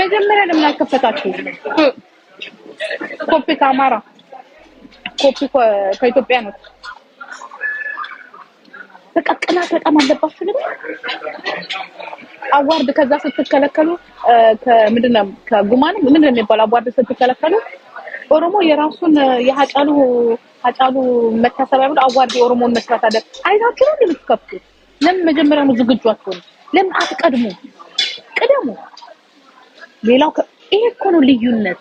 መጀመሪያ ለምን አልከፈታችሁ? ኮፒ ከአማራ ኮፒ ከኢትዮጵያ ነው። በቃ ቅናት በጣም አለባችሁ። ልብ አዋርድ ከዛ ስትከለከሉ ከምንድን ነው ከጉማን ምንድን ነው የሚባለው አዋርድ ስትከለከሉ ኦሮሞ የራሱን የሀጫሉ አጫሉ መታሰቢያ ብሎ አዋርድ የኦሮሞን መስራት አለ። አይታችሁ ነው የምትከፍቱ። ለምን መጀመሪያ ነው ዝግጁ አትሆኑ? ለምን አትቀድሙ? ቅደሙ። ሌላው ይሄ እኮ ነው ልዩነት።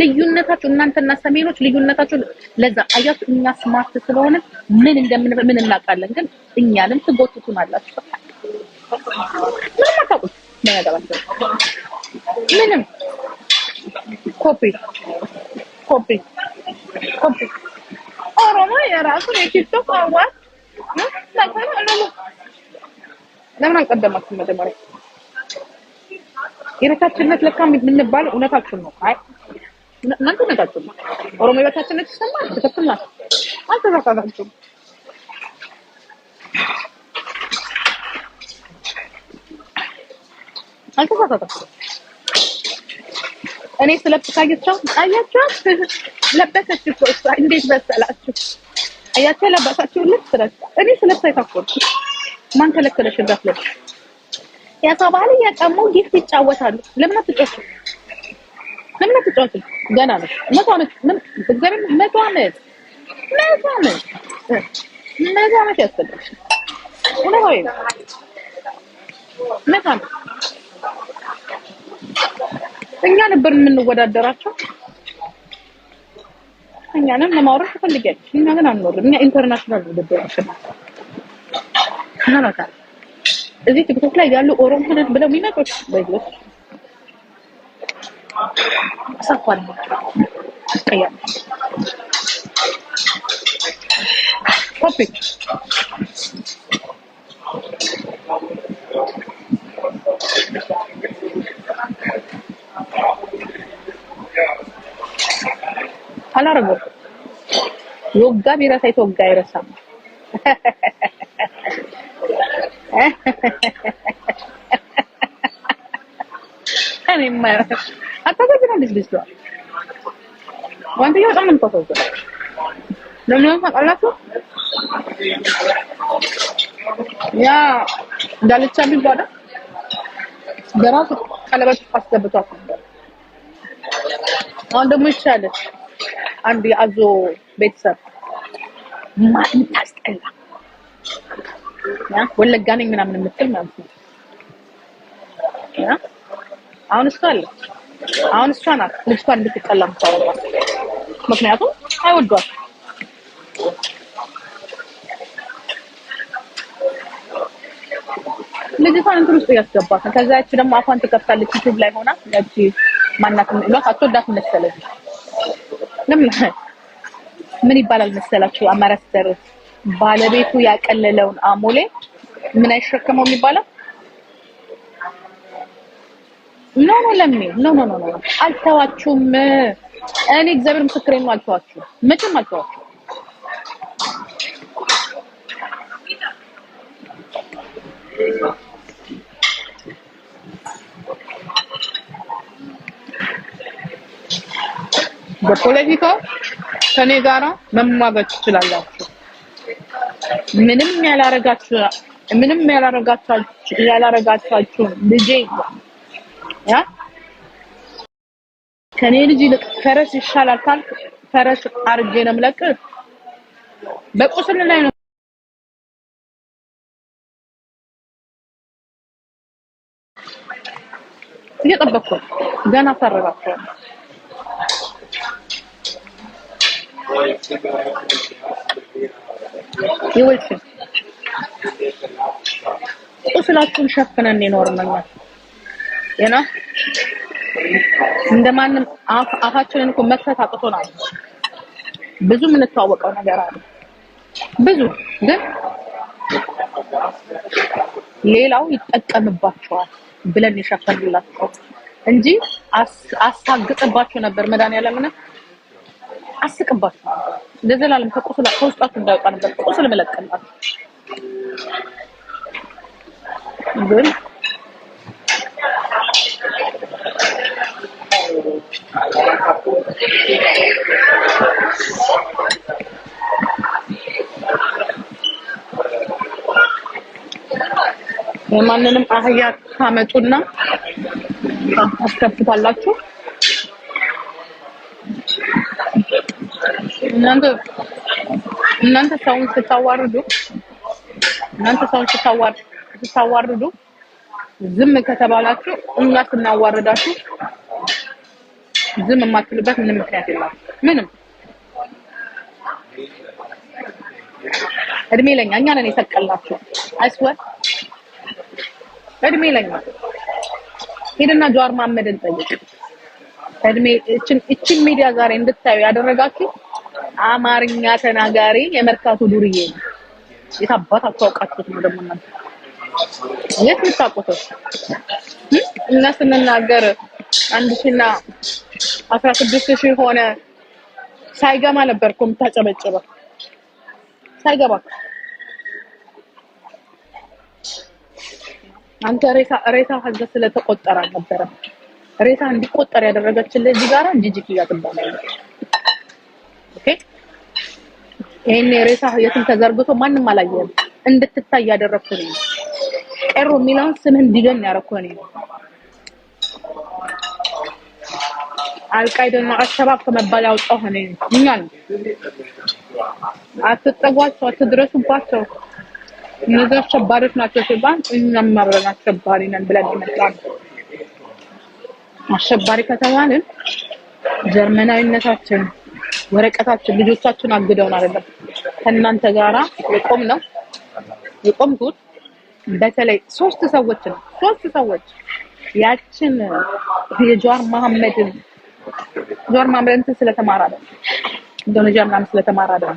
ልዩነታችሁ እናንተና ሰሜኖች ልዩነታችሁ ለዛ አያችሁ። እኛ ስማርት ስለሆነ ምን እንደምን ምን እናውቃለን፣ ግን እኛንም ትጎትቱን አላችሁ። ምንም አታውቁት። ምን ያገባቸው? ምንም ኮፒ ኮፒ ራሱ የቲክቶክ አዋት ለምን አልቀደማችሁም? መጀመሪያ የበታችነት ለካ የምንባለው እውነታችን ነው። አይ እናንተ እውነታችሁ ነው። ኦሮሞ የበታችነት ይሰማል። ትክክል ናቸው። አልተሳሳታችሁም። አልተሳሳታችሁም። እኔ ስለ ፕታየቻው ለበሰች እኮ እሷ። እንዴት መሰላችሁ? አያቸው ያላባሳቸውን ልብስ ረሳ። እኔ ስለብስ አይታኮርኩ ማን ከለከለሽ? እንዳትለብሽ ያሳባል እያቀሙ ጊፍት ይጫወታሉ። ለምን አትጫወቱ? ለምን አትጫወቱ? ገና ነው። መቶ ምን እግዚአብሔር መቶ ዓመት መቶ ዓመት መቶ ዓመት ያስፈልግሽ። ሆይ መቶ ዓመት እኛ ነበር የምንወዳደራቸው። እኛንም ለማውራት ትፈልጊያለሽ፣ እኛ ግን አንኖርም። እኛ ኢንተርናሽናል ውድድር ናሽናል እዚህ ቲክቶክ ላይ ያሉ ኦሮሞ ነን ብለው የሚመጡት በዚህ ሰፋን ቀያም ቶፒክ አላረገው። የወጋ ቢረሳ የተወጋ አይረሳም። እኔማ አታሳዝናለች ልጅቷ። ወንድዬ በጣም ነው የምታሳዝነው። ለምን ታውቃላችሁ? ያ ዳልቻ የሚባለው በራሱ ቀለበት አስገብቷት ነበር። አሁን ደግሞ ይቻለች አንድ የአዞ ቤተሰብ የምታስጠላ ወለጋ ነኝ ምናምን የምትል ማለት ነው። አሁን እሷ አለች። አሁን እሷ ናት ልጅቷን እንድትጠላ የምታወራ። ምክንያቱም አይወዷት። ልጅቷን እንትን ውስጥ እያስገባት ከዛ ያቺ ደግሞ አፏን ትከፍታለች ዩቱብ ላይ ሆና ያቺ ማናት የሚሏት አትወዳት መሰለኝ ምን ይባላል መሰላችሁ አማራ ስተር ባለቤቱ ያቀለለውን አሞሌ ምን አይሸከመው የሚባለው ኖ ኖ ለሚ ኖ ኖ ኖ ኖ አልተዋችሁም። እኔ እግዚአብሔር ምስክሬ ነው፣ አልተዋችሁም፣ መቼም አልተዋችሁም። Thank በፖለቲካው ከኔ ጋራ መሟገት ትችላላችሁ። ምንም ያላረጋችሁ ምንም ያላረጋችሁ ያላረጋችሁ ልጄ ያ ከኔ ልጅ ይልቅ ፈረስ ይሻላል ካልክ ፈረስ አርጌ ነው የምለቅህ። በቁስል ላይ ነው እየጠበኩ ገና አሳርራቸዋለሁ። ይወልፍ ቁስላችሁን ሸፍነን ይኖርናል። የና እንደማንም አፋችንን እኮ መክፈት አቅቶናል። ብዙ የምንተዋወቀው ነገር አለ ብዙ ግን ሌላው ይጠቀምባቸዋል ብለን የሸፈንላቸው እንጂ አሳግጥባቸው ነበር መድኃኒዓለምን አስቅባችሁ ለዘላለም ከቁስላ ከውስጣችሁ እንዳይወጣ ነበር ቁስል መለቀላችሁ። ግን የማንንም አህያ ታመጡና አስከፍታላችሁ። እናንተ እናንተ ሰውን ስታዋርዱ እናንተ ሰውን ስታዋርዱ ስታዋርዱ ዝም ከተባላችሁ እኛ ስናዋርዳችሁ ዝም የማትሉበት ምንም ምክንያት የለም። ምንም እድሜ ለኛ እኛ ነን የሰቀልናችሁ። አይስወር እድሜ ለኛ ሄድና ጀዋር መሐመድን ጠይቅ። እድሜ እችን ሚዲያ ዛሬ እንድታዩ ያደረጋችሁ አማርኛ ተናጋሪ የመርካቶ ዱርዬ ነው። የታባታችሁ አውቃችሁት ነው ደግሞ እናንተ የት የምታውቁት? እና ስንናገር አንድ ሺና አስራ ስድስት ሺህ ሆነ ሳይገማ ነበር እኮ የምታጨበጭበው ሳይገባ አንተ ሬሳ ሬሳ ሀዘ ስለተቆጠረ አልነበረም። ሬሳ እንዲቆጠር ያደረገችልህ እዚህ ጋራ ጂጂኪያ ትባላለች። ኦኬ። ይሄን ሬሳ የትም ተዘርግቶ ማንም አላየም። እንድትታይ ያደረኩ ነው። ቀሮ የሚለውን ስምህ እንዲገን ያደረኩ ነው። አልቃይዳና አሸባብ ከመባል ያውጣው ሆነ እኛን አትጠጓቸው፣ አትድረሱባቸው እነዚህ አሸባሪዎች ናቸው ሲባል እኛም አብረን አሸባሪ ነን ብለን ይመጣል። አሸባሪ ከተባልን ጀርመናዊነታችን ወረቀታችን ልጆቻችን አግደውን አይደለም ከእናንተ ጋራ የቆም ነው የቆምኩት። በተለይ ሶስት ሰዎች ነው ሶስት ሰዎች ያችን የጀዋር መሐመድን ጀዋር መሐመድን ስለተማራ ነው ኢንዶኔዥያ ምናምን ስለተማራ ነው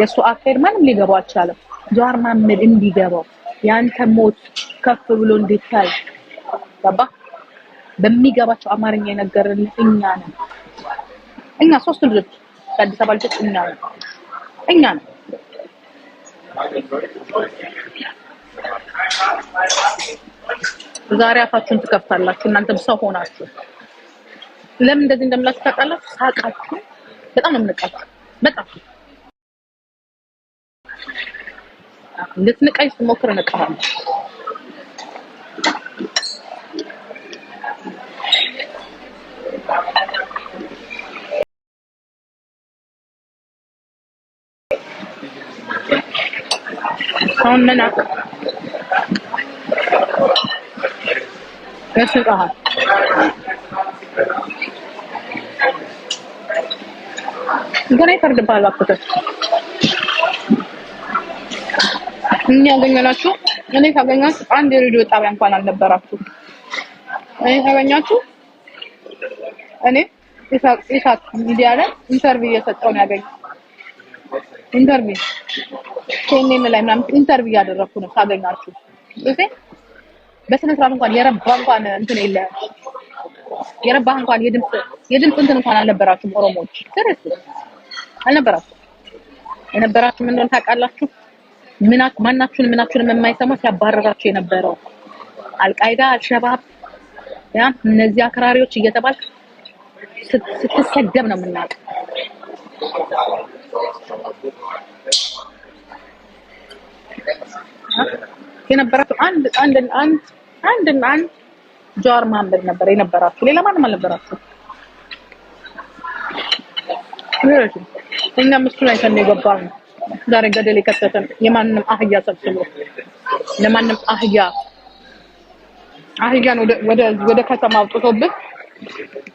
የእሱ አካሄድ ማንም ሊገባው አልቻለም። ጀዋር መሐመድ እንዲገባው ያንተ ሞት ከፍ ብሎ እንዲታይ ገባ በሚገባቸው አማርኛ የነገርን እኛ ነን። እኛ ሶስት ልጆች ከአዲስ አበባ ልጆች እኛ እኛ ነው። ዛሬ አፋችሁን ትከፍታላችሁ። እናንተም ሰው ሆናችሁ ለምን እንደዚህ እንደምላችሁ ታውቃላችሁ። ሳቃችሁ በጣም ነው የምንቃችሁ። በጣም ልትንቃኝ ስትሞክር ንቃሃለሁ። ሰውነን አክ ያስቃሃል። ገና ይፈርድብሃል። አባክህ እኛ ያገኘናችሁ እኔ ካገኛችሁ አንድ የሬዲዮ ጣቢያ እንኳን አልነበራችሁ። እኔ ካገኛችሁ እኔ ኢሳት ኢሳት ሚዲያ ኢንተርቪው እየሰጠው ነው ያገኘ ኢንተርቪው ኬኔም ላይ ምናምን ኢንተርቪው እያደረኩ ነው። ካገኛችሁ ጊዜ በስነ ስርዓት እንኳን የረባ እንኳን እንትን የለ የረባ እንኳን የድምፅ እንትን እንኳን አልነበራችሁም። ኦሮሞዎች ትርስ አልነበራችሁም። የነበራችሁ ምን እንደሆነ ታውቃላችሁ? ምናክ ማናችሁን ምናችሁን የማይሰማ ሲያባረራችሁ የነበረው አልቃይዳ፣ አልሸባብ ያ እነዚህ አክራሪዎች እየተባል ስትሰደብ ነው የምናውቅ። የነበራችሁ አንድ አንድ አንድ አንድ አንድ ጃር ማንበብ ነበር የነበራችሁ፣ ሌላ ማንም አልነበራችሁ። እኛ እሱ ላይ የገባ ነው ዛሬ ገደል የከተተን የማንም አህያ ሰብስቦ ለማንም አህያ አህያን ወደ ወደ ከተማ አውጥቶብህ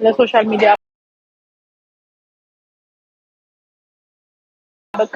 ለሶሻል ሚዲያ በቃ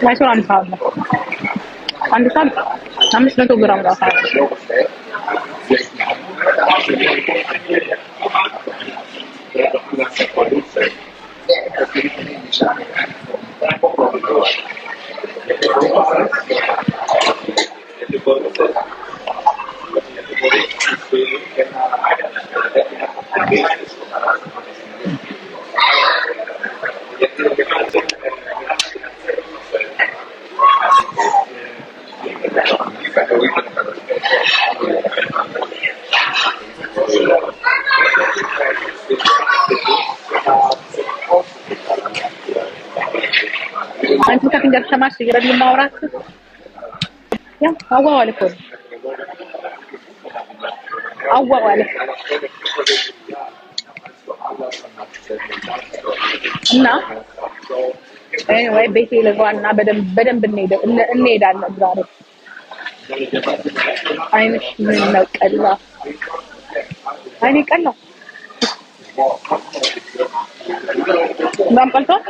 Mai sono un po'. Quando sono, non mi sono Thank you. አንቺ ከፊንገር ተማሽ ይረል ማውራት ያ አዋዋል እኮ አዋዋል እና ኤኒዌይ ቤቴ ልግባና በደንብ በደንብ እንሄዳለን ዛሬ። አይንሽ ምን ነው ቀላ? አይኔ ቀላ። ምናምን ቀልቷል።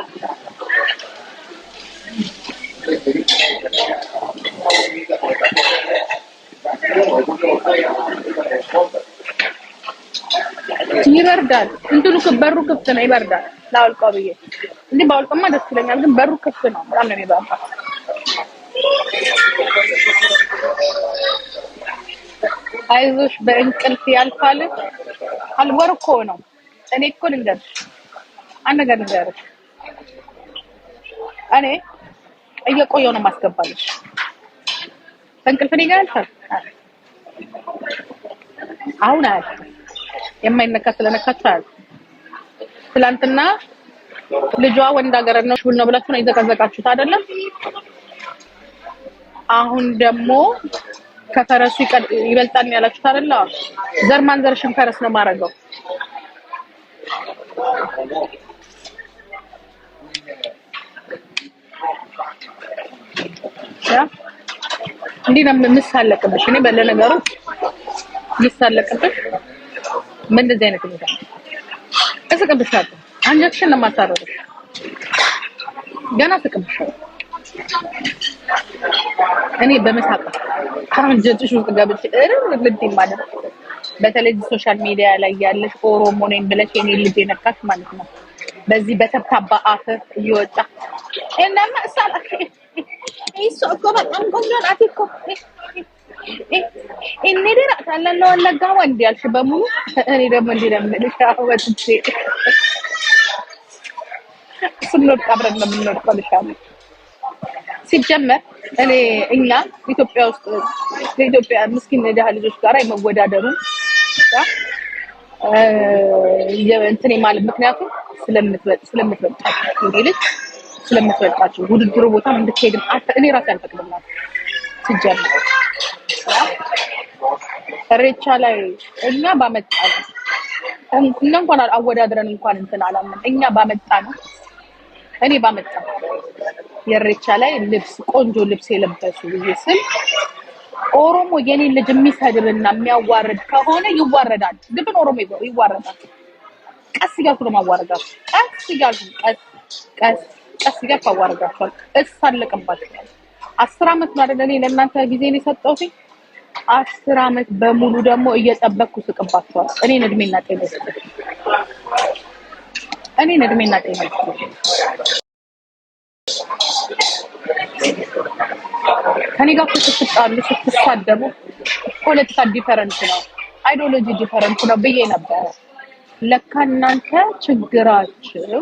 ይበርዳል። እንትኑ በሩ ክፍት ነው፣ ይበርዳል። ላውልቀው ብዬ እንዴ ባውልቀማ ደስ ይለኛል፣ ግን በሩ ክፍት ነው። በጣም ነው የሚበርዳ። አይዞሽ በእንቅልፍ ያልፋል። አልወር እኮ ነው። እኔ እኮ ልንገርሽ አንድ ነገር ልንገርሽ እኔ እየቆየሁ ነው ማስገባልሽ። ከእንቅልፍ እኔ ጋር ያልፋል። አሁን አያልፍም። የማይነካ ስለነካችሁ አያልፍም። ትላንትና ልጇ ወንድ ሀገር ነው ሹል ነው ብላችሁ ነው የዘቀዘቃችሁት አይደለም? አሁን ደግሞ ከፈረሱ ይበልጣል ያላችሁት አይደለ? ዘር ማንዘርሽን ፈረስ ነው የማደርገው። እንዲህ ነው የምሳለቅብሽ። እኔ በለ ነገሩ የምሳለቅብሽ አይነት ሁኔታ እስቅብሻለሁ። አንጀትሽን ገና እስቅብሻለሁ እኔ በመሳቅ ከአንጀትሽ ውስጥ ገብቼ ልድ ማለት በተለይ ሶሻል ሚዲያ ላይ ያለሽ ኦሮሞ ነኝ ብለሽ የኔ ልጅ የነካሽ ማለት ነው። በዚህ በተብታባ አፍ እየወጣ እናማ እሳላ እሱ እኮ በጣም ቆንጆ ናት እኮ እኔ ወንድ ያልሽ በሙሉ እኔ ደግሞ እንዲህ ነው የምልሽ። ስንወድቅ አብረን ነው የምንወድቀው ልሻለሁ። ሲጀመር እኔ እኛ ኢትዮጵያ ውስጥ ምስኪን ልጆች ጋር እንትን ማለት ምክንያቱም ልጅ ስለምትበልጣቸው ውድድሩ ቦታ እንድትሄድም እኔ ራሴ አልፈቅድላት ስጀምር ሬቻ ላይ እኛ ባመጣ ነው እና እንኳን አወዳድረን እንኳን እንትን አላምን። እኛ ባመጣ ነው እኔ ባመጣ የሬቻ ላይ ልብስ ቆንጆ ልብስ የለበሱ ጊዜ ስል ኦሮሞ የኔ ልጅ የሚሰድብና የሚያዋርድ ከሆነ ይዋረዳል። ግብን ኦሮሞ ይዋረዳል። ቀስ እያልኩ ነው ማዋረዳት። ቀስ እያልኩ ቀስ ቀስ ቀስ እያልኩ አዋርዳቸዋል። እሳለቅባቸዋል። አስር አመት ነው እኔ ለእናንተ ጊዜን የሰጠሁት። አስር አመት በሙሉ ደግሞ እየጠበቅኩ ስቅባቸዋል። እኔን እድሜና ጤና ይስጥልኝ። እኔን እድሜና ጤና ይስጥልኝ። ከኔ ጋር ስትጣሉ ስትሳደቡ ፖለቲካ ዲፈረንት ነው አይዲዮሎጂ ዲፈረንት ነው ብዬ ነበረ። ለካ እናንተ ችግራችሁ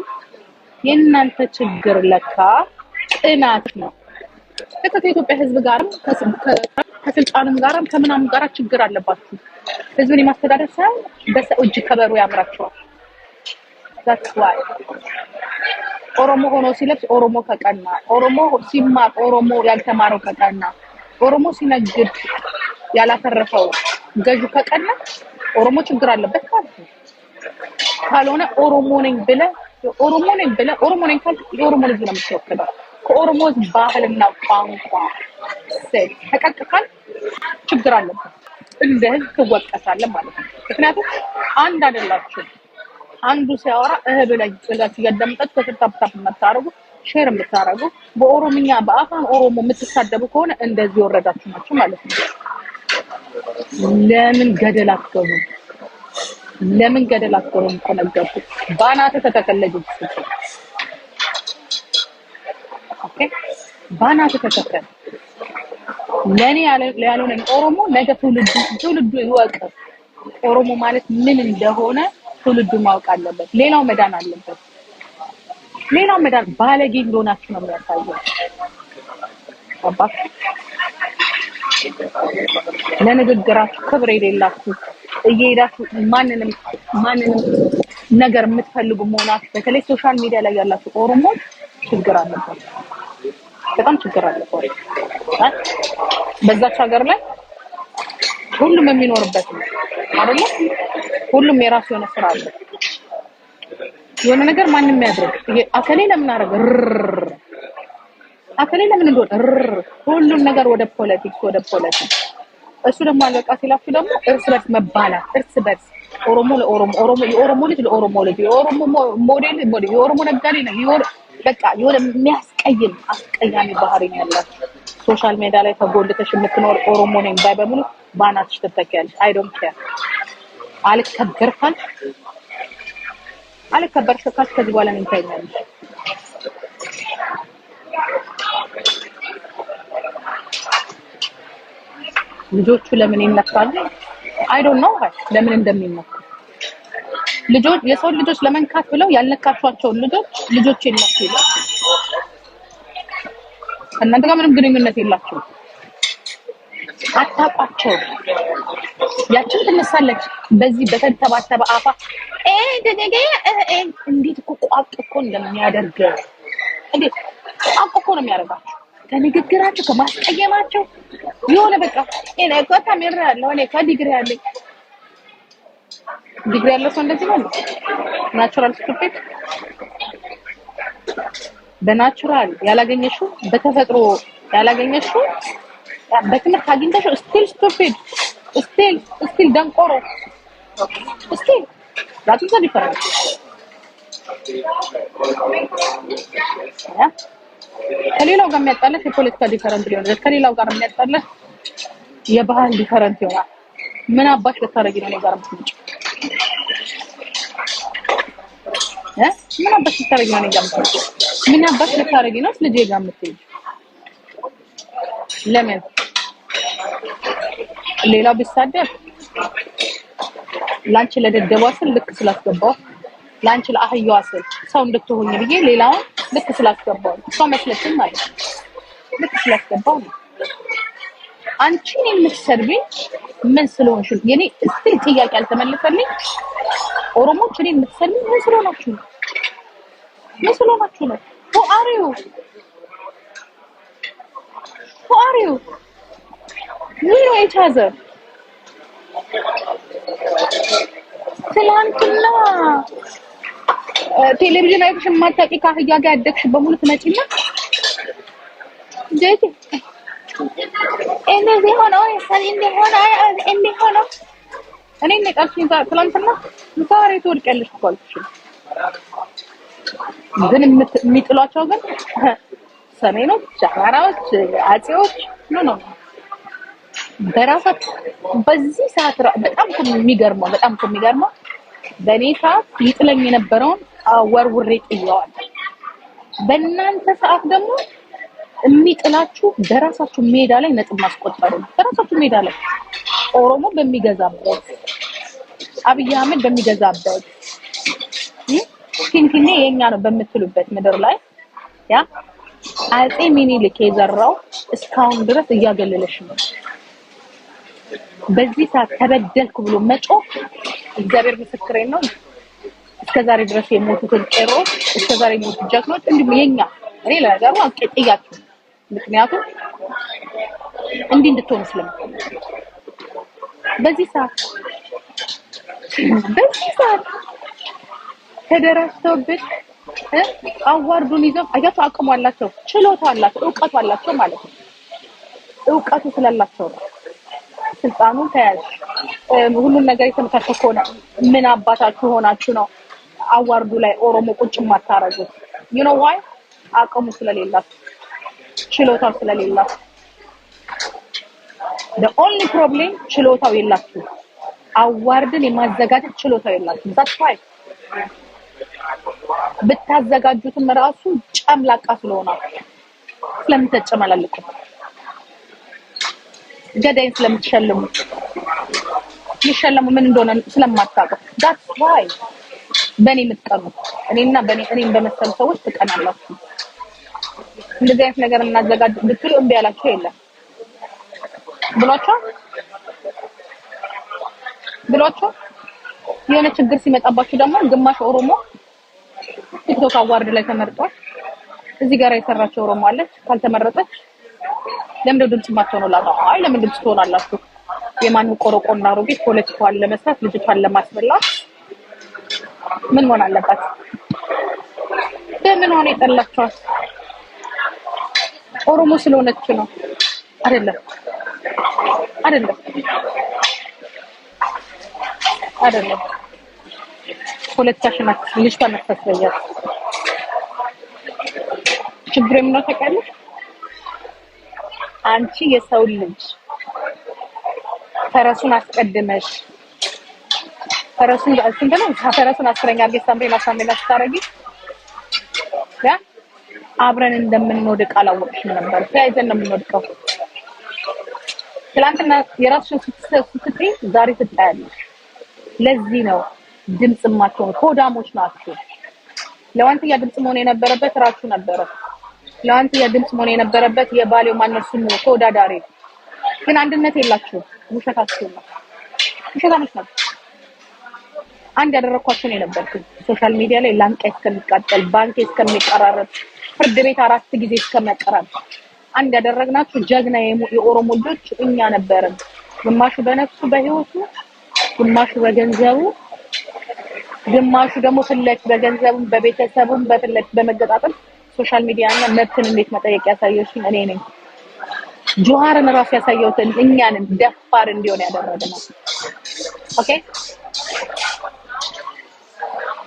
የእናንተ ችግር ለካ ጥናት ነው። ለካ ከኢትዮጵያ ህዝብ ጋርም ከስልጣኑም ጋርም ከምናም ጋር ችግር አለባችሁ። ህዝብን የማስተዳደር ሳይሆን በሰው እጅ ከበሩ ያምራችኋል። ዛትስ ዋይ ኦሮሞ ሆኖ ሲለብስ ኦሮሞ ከቀና፣ ኦሮሞ ሲማር ኦሮሞ ያልተማረው ከቀና፣ ኦሮሞ ሲነግድ ያላተረፈው ገዥ ከቀና ኦሮሞ ችግር አለበት ማለት ነው። ካልሆነ ኦሮሞ ነኝ ብለህ ኦሮሞ ነኝ ብለህ ኦሮሞ ነኝ ካልክ የኦሮሞ ልጅ ነው የምትወክለው። ከኦሮሞ ባህልና ቋንቋ ስል ተቀጥቅካል፣ ችግር አለበት። እንደ ህዝብ ትወቀሳለህ ማለት ነው። ምክንያቱም አንድ አይደላችሁም። አንዱ ሲያወራ እህ ብለህ ብላችሁ እያዳመጣችሁ ከስርታብታብ የምታደርጉ ሼር የምታደርጉ በኦሮምኛ በአፋን ኦሮሞ የምትሳደቡ ከሆነ እንደዚህ ወረዳችሁ ናችሁ ማለት ነው። ለምን ገደል አትገቡም? ለምን ገደል አትቆሩም? ከነገቡ ባናተ ተተከለጁ ኦኬ፣ ባናተ ተተከለ ለኔ ነው። ኦሮሞ ነገ ትውልዱ ትውልዱ ይወቅ። ኦሮሞ ማለት ምን እንደሆነ ትውልዱ ማወቅ አለበት። ሌላው መዳን አለበት። ሌላው መዳን ባለጌ እንደሆናችሁ ነው የሚያሳየው። አባ ለንግግራችሁ ክብር የሌላችሁ እየሄዳችሁ ማንንም ማንንም ነገር የምትፈልጉ መሆናችሁ በተለይ ሶሻል ሚዲያ ላይ ያላችሁ ኦሮሞዎች ችግር አለበት፣ በጣም ችግር አለበት። በዛች ሀገር ላይ ሁሉም የሚኖርበት ነው አይደለ? ሁሉም የራሱ የሆነ ስራ አለ። የሆነ ነገር ማንም ያድርግ፣ አከሌ ለምን አደረገ፣ አከሌ ለምን እንደሆነ ሁሉም ነገር ወደ ፖለቲክስ ወደ ፖለቲክስ እሱ ደግሞ አለቃ ሲላችሁ ደግሞ እርስ በርስ መባላት፣ እርስ በርስ ኦሮሞ ለኦሮሞ ኦሮሞ የኦሮሞ ልጅ ለኦሮሞ ልጅ የኦሮሞ ሞዴል ሞዴል የኦሮሞ ነጋዴ ነው። ይወር በቃ የሆነ የሚያስቀይም አስቀያሚ ባህሪ ነው ያላችሁ። ሶሻል ሜዲያ ላይ ተጎልተሽ የምትኖር ኦሮሞ ነኝ ባይ በሙሉ ባናትሽ ትተኪያለሽ። አይ ዶንት ኬር አልከበርካል አልከበርሽ ካልሽ ከዚህ በኋላ ምን ታይኛለሽ? ልጆቹ ለምን ይነካሉ? አይ ዶንት ኖ ለምን እንደሚነኩ ልጆች የሰው ልጆች ለመንካት ብለው ያልነካቸዋቸውን ልጆች ልጆች ይነኩ ይላል። እናንተ ጋር ምንም ግንኙነት የላቸው፣ አታውቋቸው። ያችን ትነሳለች በዚህ በተንተባተበ አፋ እንደነገ እንዴት እኮ ቋቅ እኮ እንደሚያደርግ እንዴት ቋቅ እኮ ነው የሚያደርጋቸው ከንግግራቸው ከማስቀየማቸው የሆነ በቃ እኔ እኮ ካሜራ ያለው እኔ እኮ ዲግሪ ያለኝ ዲግሪ ያለው ሰው እንደዚህ ነው። ናቹራል ስቱፒድ በናቹራል ያላገኘሽው በተፈጥሮ ያላገኘሽው በትምህርት አግኝተሽው ስቲል ስቱፒድ ስቲል ስቲል ደንቆሮ ስቲል ዛቱ ዘ ዲፈረንስ ከሌላው ጋር የሚያጣለህ የፖለቲካ ዲፈረንት ሊሆን ይችላል። ከሌላው ጋር የሚያጣለህ የባህል ዲፈረንት ይሆናል። ምን አባሽ ልታረጊ ነው እኔ ጋር የምትመጪው? ምን አባሽ ልታረጊ ነው እኔ ጋር የምትመጪው? ምን አባሽ ልታረጊ ነው ልጄ ጋር የምትሄጂው? ለምን ሌላው ቢሳደብ ላንቺ ለደደቧ ስል ልክ ስላስገባው ላንቺ ለአህያዋ ስል ሰው እንድትሆኝ ብዬ ሌላውን ልክ ስላስገባው እሷ መስለችኝ ማለት ልክ ስላስገባው አንቺን የምትሰድቢኝ ምን ስለሆንሽ ነው? የኔ እስቲል ጥያቄ አልተመለሰልኝ። ኦሮሞች እኔ የምትሰድቢኝ ምን ስለሆናችሁ ነው? ምን ስለሆናችሁ ነው? who are you who are you we know ትላንትና ቴሌቪዥን አይተሽ የማታውቂ ከአህያ ጋር ያደግሽ በሙሉ ትመጪና ጀጂ እንዴ ሆኖ እንዴ ሆኖ እንዴ ሆኖ እኔ ነው የጣልሽኝ ትናንትና። ዛሬ ትወድቂያለሽ እኮ አልኩሽም። ግን የሚጥሏቸው ግን ሰሜኖች፣ አማራዎች፣ አጼዎች ኖ ኖ በራሳት በዚህ ሰዓት በጣም የሚገርመው በጣም የሚገርመው በእኔ ሰዓት ይጥለኝ የነበረውን ወርውሬ ጥየዋል። በእናንተ ሰዓት ደግሞ የሚጥላችሁ በራሳችሁ ሜዳ ላይ ነጥብ ማስቆጠሩ ነው። በራሳችሁ ሜዳ ላይ ኦሮሞ በሚገዛበት አብይ አህመድ በሚገዛበት ፊንፊኔ የኛ ነው በምትሉበት ምድር ላይ ያ አፄ ሚኒሊክ የዘራው እስካሁን ድረስ እያገለለሽ ነው። በዚህ ሰዓት ተበደልኩ ብሎ መጮ እግዚአብሔር ምስክሬ ነው። እስከዛሬ ድረስ የሞቱትን ቄሮ እስከዛሬ የሞቱ ጀግኖች እንዲሁም የኛ እኔ ለነገሩ አቀጥያችሁ ምክንያቱም እንዲህ እንድትሆኑ ስለም በዚህ ሰዓት በዚህ ሰዓት ተደራጅተውብን አዋርዱን ይዘው አያቸው። አቅሙ አላቸው፣ ችሎታ አላቸው፣ እውቀቱ አላቸው ማለት ነው። እውቀቱ ስላላቸው ነው ስልጣኑ ተያዥ ሁሉን ነገር የተመሳሰከ ከሆነ ምን አባታችሁ ሆናችሁ ነው አዋርዱ ላይ ኦሮሞ ቁጭ የማታረጉት? ዩ ኖ ዋይ አቅሙ ስለሌላት ችሎታው ስለሌላት the only problem ችሎታው የላችሁ አዋርድን የማዘጋጀት ችሎታው የላችሁ that's why ብታዘጋጁትም ራሱ ጨምላቃ ስለሆናችሁ ስለምን ገዳይን ስለምትሸልሙ የሚሸለሙ ምን እንደሆነ ስለማታውቀው ዳትስ ዋይ በእኔ የምትቀኑ እኔና በእኔ እኔም በመሰሉ ሰዎች ትቀናላችሁ። እንደዚህ አይነት ነገር እናዘጋጅ ብትሉ እምቢ ያላቸው የለም ብሏቸው ብሏቸው የሆነ ችግር ሲመጣባችሁ ደግሞ ግማሽ ኦሮሞ ቲክቶክ አዋርድ ላይ ተመርጧል። እዚህ ጋር የሰራቸው ኦሮሞ አለች ካልተመረጠች ለምንድን ድምፅ ማትሆኑ ላታ አይ ለምን ድምፅ ትሆናላችሁ? የማንም ቆረቆና አሮጌት ፖለቲካዋን ለመስራት ልጅቷን ለማስበላት ምን መሆን አለባት? በምን ሆነ የጠላችኋት? ኦሮሞ ስለሆነች ነው አይደለም? አይደለም? አይደለም? ፖለቲካሽን ልጅቷን አታስበያት። ችግር የምናው ታውቃለች አንቺ የሰው ልጅ ፈረሱን አስቀድመሽ ፈረሱን ስንት ነው? ፈረሱን አስረኛ አድርገሽ ሳምሬ ላሳምና ስታረጊ ያ አብረን እንደምንወድቅ አላወቅሽም ነበር። ተያይዘን ነው የምንወድቀው። ትላንትና የራስሽን ስትይ ዛሬ ትታያለሽ። ለዚህ ነው ድምጽማቸው ማትሆን ሆዳሞች ናችሁ። ለዋንትያ ድምጽ መሆን የነበረበት ራሱ ነበረ። ለአንተ ድምፅ መሆን የነበረበት የባሌው ማነሱ ነው ተወዳዳሪ ግን አንድነት የላችሁም። ውሸታችሁ ነው። ውሸታሞች ነው። አንድ ያደረኳቸው ነው ሶሻል ሚዲያ ላይ ላንቃ እስከሚቃጠል ባንክ እስከሚቀራረብ ፍርድ ቤት አራት ጊዜ እስከሚያቀራረብ አንድ ያደረግናችሁ ጀግና የኦሮሞ ልጆች እኛ ነበርን። ግማሹ በነፍሱ በህይወቱ፣ ግማሹ በገንዘቡ፣ ግማሹ ደግሞ ፍለት በገንዘቡም በቤተሰቡም በፍለት በመገጣጠም ሶሻል ሚዲያ እና መብትን እንዴት መጠየቅ ያሳየሽኝ እኔ ነኝ። ጆሃርን ራሱ ያሳየሁትን እኛንም ደፋር እንዲሆን ያደረግነው። ኦኬ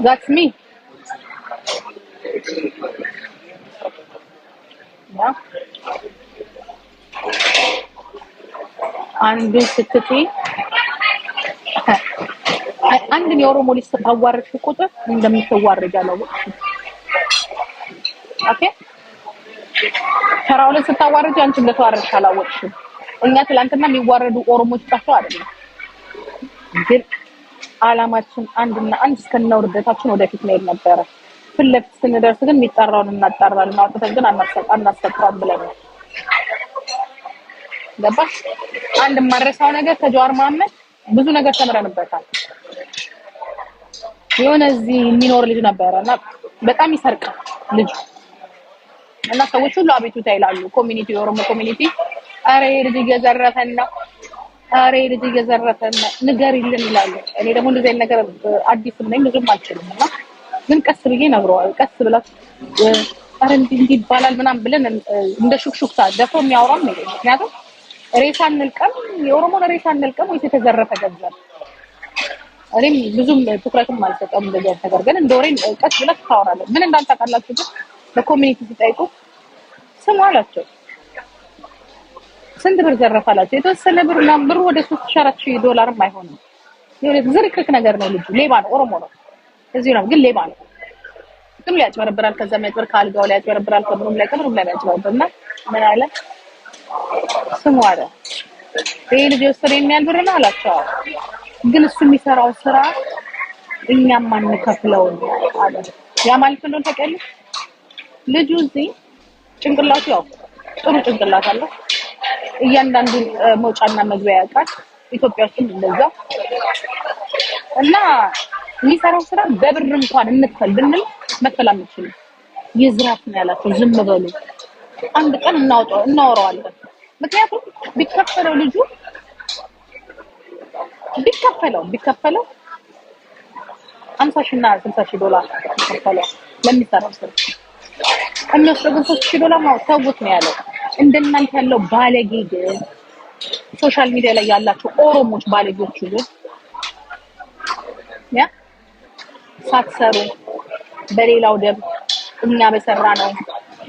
ዛትስ ሚ አንዱ ስትይ አንድን የኦሮሞ ልጅ ባዋረድሽ ቁጥር ኦኬ ተራውን ስታዋርጅ አንቺ እንደተዋረድሽ አላወቅሽም። እኛ ትላንትና የሚዋረዱ ኦሮሞች ጠፍተው አይደለም፣ ግን አላማችን አንድና አንድ እስከነ ውርደታችን ወደፊት መሄድ ነበረ። ፊት ለፊት ስንደርስ ግን የሚጠራውን እናጣራለን፣ አውጥተን ግን አናስፈጥራም ብለን ነው። ገባሽ? አንድ የማረሳው ነገር ከጀዋር መሀመድ ብዙ ነገር ተምረንበታል። የሆነ እዚህ የሚኖር ልጅ ነበረ እና በጣም ይሰርቃል ልጁ እና ሰዎች ሁሉ አቤቱታ ይላሉ። ኮሚኒቲ የኦሮሞ ኮሚኒቲ አሬ ልጅ እየዘረፈን ነው፣ አሬ ልጅ እየዘረፈን ነው ንገሪልን ይላሉ። እኔ ደግሞ እንደዚህ አይነት ነገር አዲስም ነኝ ብዙም አልችልም እና ግን ቀስ ብዬ ነግረዋል። ቀስ ብላችሁ አረ እንዲህ እንዲህ ይባላል ምናምን ብለን እንደ ሹክሹክታ ደፍሮ የሚያወራም ነው። ምክንያቱም ሬሳ እንልቀም፣ የኦሮሞን ሬሳ እንልቀም ወይስ የተዘረፈ ገንዘብ? እኔም ብዙም ትኩረትም አልሰጠውም እንደዚህ ነገር ግን እንደ ወሬ ቀስ ብለህ ታወራለህ። ምን እንዳልታውቃላችሁ ግን በኮሚኒቲ ሲጠይቁ ስሙ አላቸው። ስንት ብር ዘረፍ የተወሰነ ብር ምናምን ብሩ ወደ ሶስት ሺህ አራት ሺህ ዶላርም አይሆንም። የሆነ ዝርክክ ነገር ነው። ልጁ ሌባ ነው። ኦሮሞ ነው። እዚሁ ነው ግን ሌባ ነው። ጥም ሊያጭበረብራል። ከዛ የሚያጭበር ከአልጋው ላይ ያጭበረብራል። ከብሩም ላይ ከምኑም ላይ ያጭበረብራል። እና ምን አለ ስሙ አለ ይሄ ልጅ ወሰደ የሚያል ብር ነው አላቸው። ግን እሱ የሚሰራው ስራ እኛም አንከፍለውም አለ። ያ ማለት እንደሆነ ታውቂያለሽ ልጁ እዚህ ጭንቅላቱ ያው ጥሩ ጭንቅላት አለው። እያንዳንዱ መውጫና መግቢያ ያውቃል። ኢትዮጵያ ውስጥም እንደዛ እና የሚሰራው ስራ በብር እንኳን እንክፈል ብንል መክፈል አንችልም። የዝራት ነው ያላቸው። ዝም በሉ አንድ ቀን እናወጣው እናወራዋለን። ምክንያቱም ቢከፈለው ልጁ ቢከፈለው ቢከፈለው አምሳ ሺህ እና ስልሳ ሺህ ዶላር ቢከፈለው ለሚሰራው ስራ እነሱ ግን ሶስት ሺህ ዶላር ነው ተውት ነው ያለው። እንደናንተ ያለው ባለጌ ግን ሶሻል ሚዲያ ላይ ያላቸው ኦሮሞች ባለጌዎች ግን ያ ሳትሰሩ በሌላው ደም እኛ በሰራ ነው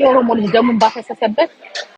የኦሮሞ ልጅ ደሙን ባፈሰሰበት